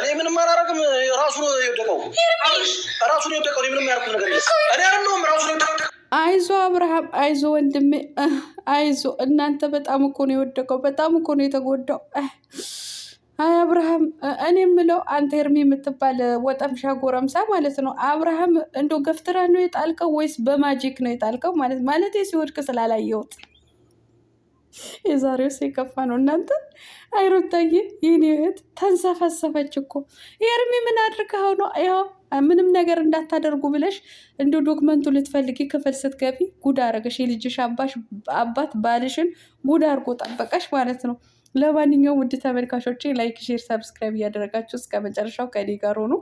እኔ ምንም ራሱ ነው የወደቀው፣ ራሱ ነው የወደቀው። ምንም ነገር እኔ አይደለሁም። ራሱ ነው አይዞ አብርሃም፣ አይዞ ወንድሜ፣ አይዞ እናንተ። በጣም እኮ ነው የወደቀው፣ በጣም እኮ ነው የተጎዳው። አይ አብርሃም፣ እኔ የምለው አንተ ኤርሚ የምትባል ወጠምሻ ጎረምሳ ማለት ነው። አብርሃም እንደው ገፍትራ ነው የጣልቀው ወይስ በማጂክ ነው የጣልቀው? ማለት ማለት ሲወድቅ ስላላየሁት የዛሬው የከፋ ነው እናንተ። አይሮታዬ ይህን እህት ተንሰፈሰፈች እኮ ኤርሚ፣ ምን አድርገኸው ነው? ያው ምንም ነገር እንዳታደርጉ ብለሽ እንደ ዶክመንቱ ልትፈልጊ ክፍል ስትገቢ ጉድ አረገሽ። የልጅሽ አባሽ አባት ባልሽን ጉድ አድርጎ ጠበቀሽ ማለት ነው። ለማንኛውም ውድ ተመልካቾቼ ላይክ፣ ሼር፣ ሰብስክራይብ እያደረጋችሁ እስከ መጨረሻው ከኔ ጋር ሆኑ።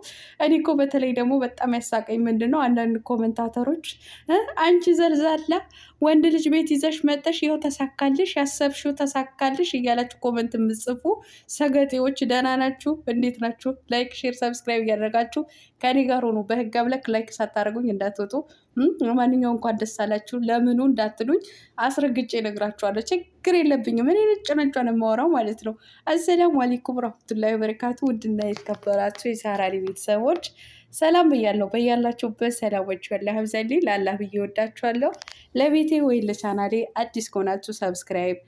እኔ እኮ በተለይ ደግሞ በጣም ያሳቀኝ ምንድን ነው አንዳንድ ኮመንታተሮች አንቺ ዘልዛላ ወንድ ልጅ ቤት ይዘሽ መጠሽ ይኸው ተሳካልሽ፣ ያሰብሽው ተሳካልሽ እያላችሁ ኮመንት የምጽፉ ሰገጤዎች ደህና ናችሁ? እንዴት ናችሁ? ላይክ፣ ሼር፣ ሰብስክራይብ እያደረጋችሁ ከኔ ጋር ሆኑ። በህግ አብለክ ላይክ ሳታደርጉኝ እንዳትወጡ። ማንኛው እንኳን ደስ አላችሁ ለምኑ እንዳትሉኝ አስረግጬ እነግራችኋለሁ። ችግር የለብኝም። እኔ ነጭ ነጯን የማወራው ማለት ነው። አሰላሙ አለይኩም ረህመቱላሂ ወበረካቱ። ውድና የተከበራችሁ የሳራሪ ቤተሰቦች ሰላም ብያለሁ። በያላችሁበት ሰላሞች ያለ ሀብዛሌ ለአላህ ብዬ ወዳችኋለሁ። ለቤቴ ወይ ለቻናሌ አዲስ ከሆናችሁ ሰብስክራይብ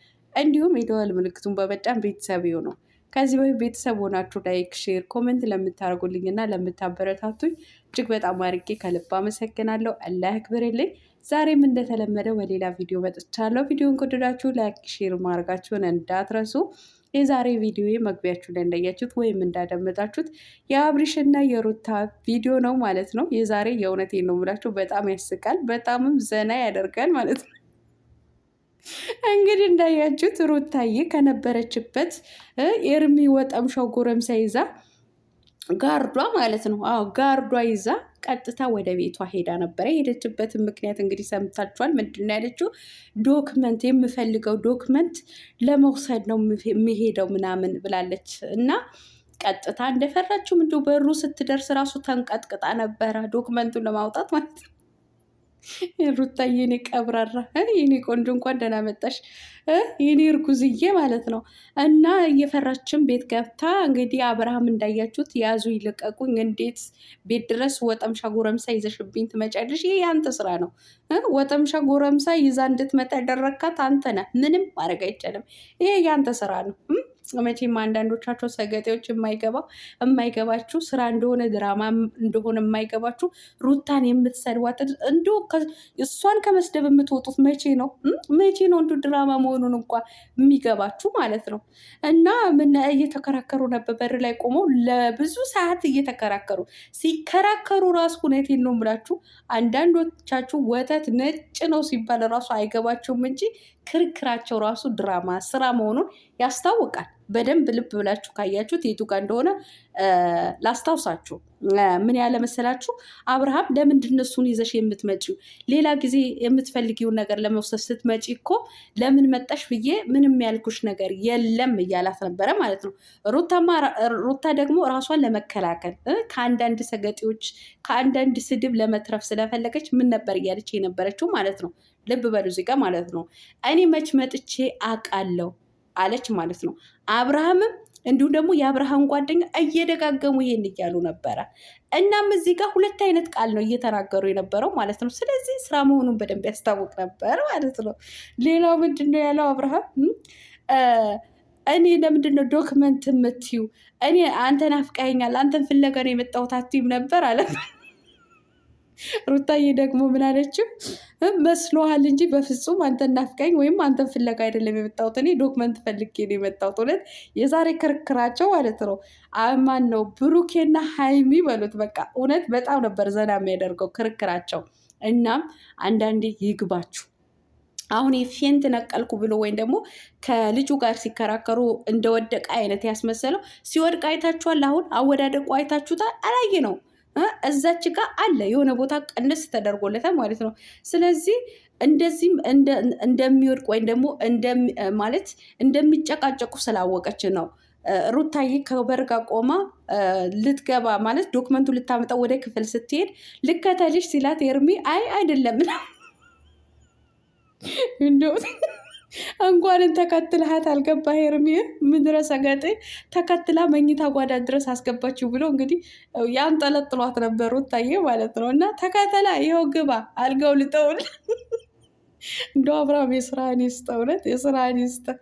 እንዲሁም የደወል ምልክቱን በመጫን ቤተሰብ ነው ከዚህ በፊት ቤተሰብ ሆናችሁ ላይክ፣ ሼር፣ ኮሜንት ለምታደርጉልኝ እና ለምታበረታቱኝ እጅግ በጣም አድርጌ ከልብ አመሰግናለሁ። አላህ ያክብርልኝ። ዛሬም እንደተለመደ በሌላ ቪዲዮ መጥቻለሁ። ቪዲዮን ከወደዳችሁ ላይክ፣ ሼር ማድረጋችሁን እንዳትረሱ። የዛሬ ቪዲዮ መግቢያችሁ ላይ እንዳያችሁት ወይም እንዳደመጣችሁት የአብሪሽና የሩታ ቪዲዮ ነው ማለት ነው። የዛሬ የእውነቴን ነው የምላችሁ በጣም ያስቃል፣ በጣምም ዘና ያደርጋል ማለት ነው። እንግዲህ እንዳያችሁት ሩታዬ ከነበረችበት ኤርሚ ወጠምሻው ጎረምሳ ይዛ ጋርዷ ማለት ነው። አዎ ጋርዷ ይዛ ቀጥታ ወደ ቤቷ ሄዳ ነበረ። የሄደችበትን ምክንያት እንግዲህ ሰምታችኋል። ምንድን ያለችው ዶክመንት፣ የምፈልገው ዶክመንት ለመውሰድ ነው የሚሄደው ምናምን ብላለች እና ቀጥታ እንደፈራችውም እንዲሁ በሩ ስትደርስ ራሱ ተንቀጥቅጣ ነበረ ዶክመንቱን ለማውጣት ማለት ነው። ሩታ የኔ ቀብራራ የኔ ቆንጆ እንኳን ደህና መጣሽ፣ የኔ እርጉዝዬ ማለት ነው። እና እየፈራችን ቤት ገብታ እንግዲህ አብርሃም እንዳያችሁት ያዙ ይለቀቁኝ፣ እንዴት ቤት ድረስ ወጠምሻ ጎረምሳ ይዘሽብኝ ትመጫለሽ? ይሄ ያንተ ስራ ነው። ወጠምሻ ጎረምሳ ይዛ እንድትመጣ ያደረካት አንተ ነህ። ምንም ማድረግ አይቻልም። ይሄ ያንተ ስራ ነው። መቼም አንዳንዶቻቸው ሰገጤዎች የማይገባ የማይገባችሁ ስራ እንደሆነ ድራማ እንደሆነ የማይገባችሁ ሩታን የምትሰድዋት እንዲ እሷን ከመስደብ የምትወጡት መቼ ነው? መቼ ነው እንዱ ድራማ መሆኑን እንኳ የሚገባችሁ ማለት ነው። እና ምን እየተከራከሩ ነበር፣ በር ላይ ቆመው ለብዙ ሰዓት እየተከራከሩ ሲከራከሩ ራሱ ሁኔቴን ነው የምላችሁ። አንዳንዶቻችሁ ወተት ነጭ ነው ሲባል ራሱ አይገባችሁም እንጂ ክርክራቸው ራሱ ድራማ ስራ መሆኑን ያስታውቃል። በደንብ ልብ ብላችሁ ካያችሁት የቱ ጋር እንደሆነ ላስታውሳችሁ። ምን ያለ መሰላችሁ? አብርሃም ለምንድን እሱን ይዘሽ የምትመጪው? ሌላ ጊዜ የምትፈልጊውን ነገር ለመውሰድ ስትመጪ እኮ ለምን መጣሽ ብዬ ምንም ያልኩሽ ነገር የለም እያላት ነበረ ማለት ነው። ሩታ ደግሞ ራሷን ለመከላከል ከአንዳንድ ሰገጤዎች፣ ከአንዳንድ ስድብ ለመትረፍ ስለፈለገች ምን ነበር እያለች የነበረችው ማለት ነው። ልብ በሉ እዚህ ጋ ማለት ነው። እኔ መች መጥቼ አውቃለሁ አለች ማለት ነው። አብርሃምም እንዲሁም ደግሞ የአብርሃም ጓደኛ እየደጋገሙ ይሄን እያሉ ነበረ። እናም እዚህ ጋር ሁለት አይነት ቃል ነው እየተናገሩ የነበረው ማለት ነው። ስለዚህ ስራ መሆኑን በደንብ ያስታውቅ ነበር ማለት ነው። ሌላው ምንድን ነው ያለው አብርሃም እኔ ለምንድን ነው ዶክመንት የምትዩ? እኔ አንተን አፍቃኛል አንተን ፍለጋ ነው የመጣሁት አትይም ነበር አለ። ሩታዬ ደግሞ ምን አለችው? መስሎሃል እንጂ በፍጹም አንተን ናፍቀኝ ወይም አንተን ፍለጋ አይደለም የመጣሁት እኔ ዶክመንት ፈልጌ ነው የመጣሁት። እውነት የዛሬ ክርክራቸው ማለት ነው። አማን ነው ብሩኬና ሀይሚ በሉት በቃ እውነት በጣም ነበር ዘና የሚያደርገው ክርክራቸው። እናም አንዳንዴ ይግባችሁ። አሁን የፌንት ነቀልኩ ብሎ ወይም ደግሞ ከልጁ ጋር ሲከራከሩ እንደወደቀ አይነት ያስመሰለው ሲወድቅ አይታችኋል። አሁን አወዳደቁ አይታችሁታል። አላየ ነው እዛች ጋር አለ የሆነ ቦታ ቀንስ ተደርጎለታል ማለት ነው። ስለዚህ እንደዚህም እንደሚወድቅ ወይም ደግሞ ማለት እንደሚጨቃጨቁ ስላወቀች ነው ሩታዬ ከበርጋ ቆማ ልትገባ ማለት ዶክመንቱ ልታመጣ ወደ ክፍል ስትሄድ ልከተልሽ ሲላት ኤርሚ አይ አይደለም እንኳንን ተከትልሃት አልገባ ሄርም ምድረ ሰገጤ ተከትላ መኝታ ጓዳ ድረስ አስገባችው ብሎ እንግዲህ ያን ጠለጥሏት ነበሩ ታየ ማለት ነው። እና ተከተላ ይኸው ግባ አልገው ልጠውል እንደ አብርሃም የስራህን ይስጠህ፣ እውነት የስራህን ይስጠህ።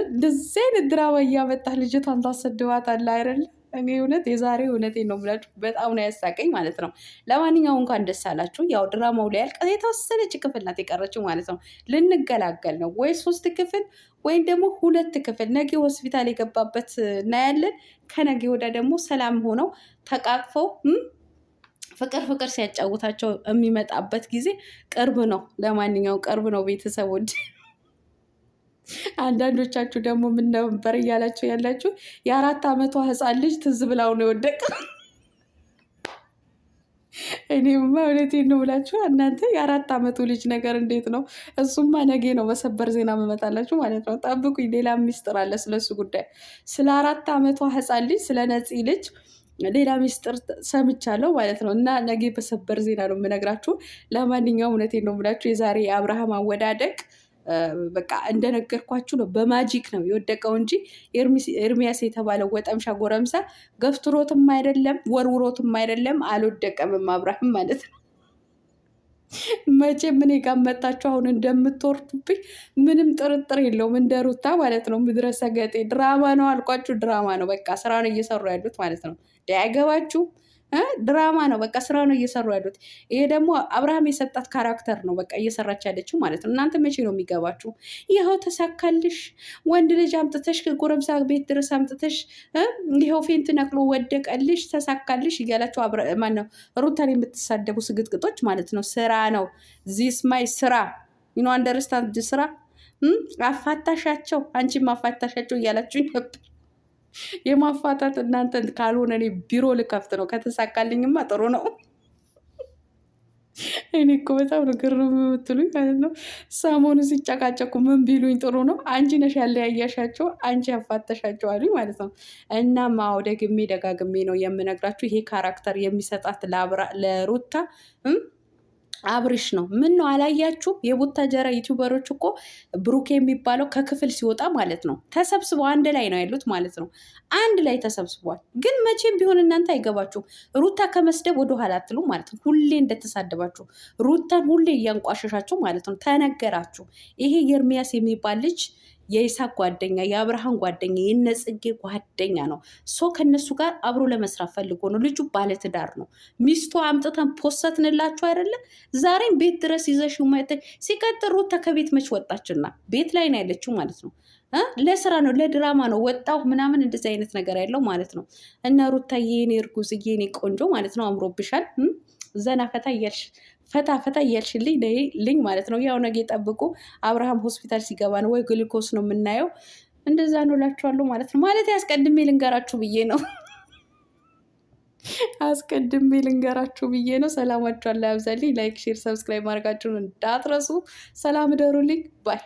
እንደዚህ አይነት ድራማ እያመጣህ ልጅቷን ታሰድባታለህ አይደለም? እኔ እውነት የዛሬ እውነቴ ነው የምላችሁ፣ በጣም ነው ያሳቀኝ ማለት ነው። ለማንኛውም እንኳን ደስ አላችሁ። ያው ድራማው ላይ ያልቀ የተወሰነች ክፍል ናት የቀረችው ማለት ነው። ልንገላገል ነው ወይ ሶስት ክፍል ወይም ደግሞ ሁለት ክፍል። ነገ ሆስፒታል የገባበት እናያለን። ከነገ ወዳ ደግሞ ሰላም ሆነው ተቃቅፈው ፍቅር ፍቅር ሲያጫውታቸው የሚመጣበት ጊዜ ቅርብ ነው። ለማንኛውም ቅርብ ነው ቤተሰቦች አንዳንዶቻችሁ ደግሞ ምን ነበር እያላችሁ ያላችሁ የአራት ዓመቷ ህፃን ልጅ ትዝ ብላው ነው የወደቀ። እኔማ እውነቴን ነው ብላችሁ እናንተ የአራት ዓመቱ ልጅ ነገር እንዴት ነው? እሱማ ነገ ነው በሰበር ዜና መመጣላችሁ ማለት ነው። ጠብቁኝ፣ ሌላ ሚስጥር አለ ስለሱ ጉዳይ። ስለ አራት ዓመቷ ህፃን ልጅ ስለ ነፂ ልጅ ሌላ ሚስጥር ሰምቻለሁ ማለት ነው። እና ነገ በሰበር ዜና ነው የምነግራችሁ። ለማንኛውም እውነቴን ነው ብላችሁ የዛሬ የአብርሃም አወዳደቅ በቃ እንደነገርኳችሁ ነው። በማጂክ ነው የወደቀው እንጂ ኤርሚያስ የተባለው ወጠምሻ ጎረምሳ ገፍትሮትም አይደለም ወርውሮትም አይደለም አልወደቀምም። አብርሃም ማለት ነው። መቼም እኔ ጋር አሁን እንደምትወርዱብኝ ምንም ጥርጥር የለውም። እንደ ሩታ ማለት ነው። ምድረ ሰገጤ ድራማ ነው አልኳችሁ። ድራማ ነው በቃ ስራ ነው እየሰሩ ያሉት ማለት ነው። እንዳያገባችሁ ድራማ ነው። በቃ ስራ ነው እየሰሩ ያሉት። ይሄ ደግሞ አብርሃም የሰጣት ካራክተር ነው። በቃ እየሰራች ያለችው ማለት ነው። እናንተ መቼ ነው የሚገባችሁ? ይኸው ተሳካልሽ። ወንድ ልጅ አምጥተሽ ከጎረምሳ ቤት ድረስ አምጥተሽ ይኸው ፌንት ነቅሎ ወደቀልሽ፣ ተሳካልሽ እያላችሁ ማነው ሩታን የምትሳደቡ ስግጥግጦች ማለት ነው። ስራ ነው። ዚስማይ ስራ ዩኖ አንደርስታንድ ስራ አፋታሻቸው፣ አንቺም አፋታሻቸው እያላችሁ ነበር የማፋታት እናንተ ካልሆነ እኔ ቢሮ ልከፍት ነው። ከተሳካልኝማ ጥሩ ነው። እኔ እኮ በጣም ንግር የምትሉኝ ማለት ነው። ሰሞኑ ሲጨቃጨቁ ምን ቢሉኝ ጥሩ ነው፣ አንቺ ነሽ ያለያያሻቸው፣ አንቺ ያፋተሻቸው አሉኝ ማለት ነው። እና ማወደግሜ ደጋግሜ ነው የምነግራችሁ ይሄ ካራክተር የሚሰጣት ለሩታ አብርሽ ነው። ምን ነው አላያችሁም? የቡታጀራ ዩቲዩበሮች እኮ ብሩኬ የሚባለው ከክፍል ሲወጣ ማለት ነው ተሰብስበው አንድ ላይ ነው ያሉት ማለት ነው። አንድ ላይ ተሰብስቧል። ግን መቼም ቢሆን እናንተ አይገባችሁም። ሩታ ከመስደብ ወደኋላ አትሉም ማለት ነው። ሁሌ እንደተሳደባችሁ ሩታን ሁሌ እያንቋሸሻችሁ ማለት ነው። ተነገራችሁ። ይሄ ኤርሚያስ የሚባል ልጅ የይስሐቅ ጓደኛ፣ የአብርሃም ጓደኛ፣ የነጽጌ ጓደኛ ነው። ሶ ከነሱ ጋር አብሮ ለመስራት ፈልጎ ነው። ልጁ ባለትዳር ነው። ሚስቱ አምጥተን ፖሰትንላችሁ አይደለ? ዛሬም ቤት ድረስ ይዘሽ ማይተ ሲቀጥሩ ከቤት መች ወጣችና ቤት ላይ ነው ያለችው ማለት ነው። ለስራ ነው ለድራማ ነው ወጣሁ ምናምን እንደዚህ አይነት ነገር ያለው ማለት ነው። እና ሩታ የኔ እርጉዝ የኔ ቆንጆ ማለት ነው። አምሮብሻል ዘና ፈታ እያልሽ ፈታ ፈታ እያልሽልኝ ልኝ ማለት ነው። ያው ነገ ጠብቁ። አብርሃም ሆስፒታል ሲገባ ነው ወይ ግሉኮስ ነው የምናየው። እንደዛ ነው እላችኋለሁ ማለት ነው። ማለት አስቀድሜ ልንገራችሁ ብዬ ነው አስቀድሜ ልንገራችሁ ብዬ ነው። ሰላማችኋን አላ ያብዛልኝ። ላይክ፣ ሼር፣ ሰብስክራይብ ማድረጋችሁን እንዳትረሱ። ሰላም እደሩልኝ ባይ